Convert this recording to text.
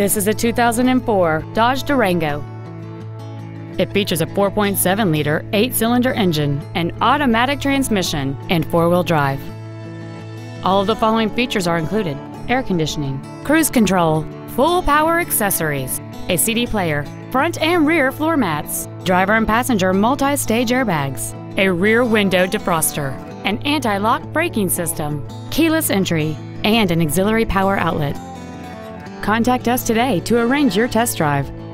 This is a 2004 Dodge Durango. It features a 4.7 liter, eight cylinder engine, an automatic transmission, and four wheel drive. All of the following features are included air conditioning, cruise control, full power accessories, a CD player, front and rear floor mats, driver and passenger multi stage airbags, a rear window defroster, an anti lock braking system, keyless entry, and an auxiliary power outlet. Contact us today to arrange your test drive.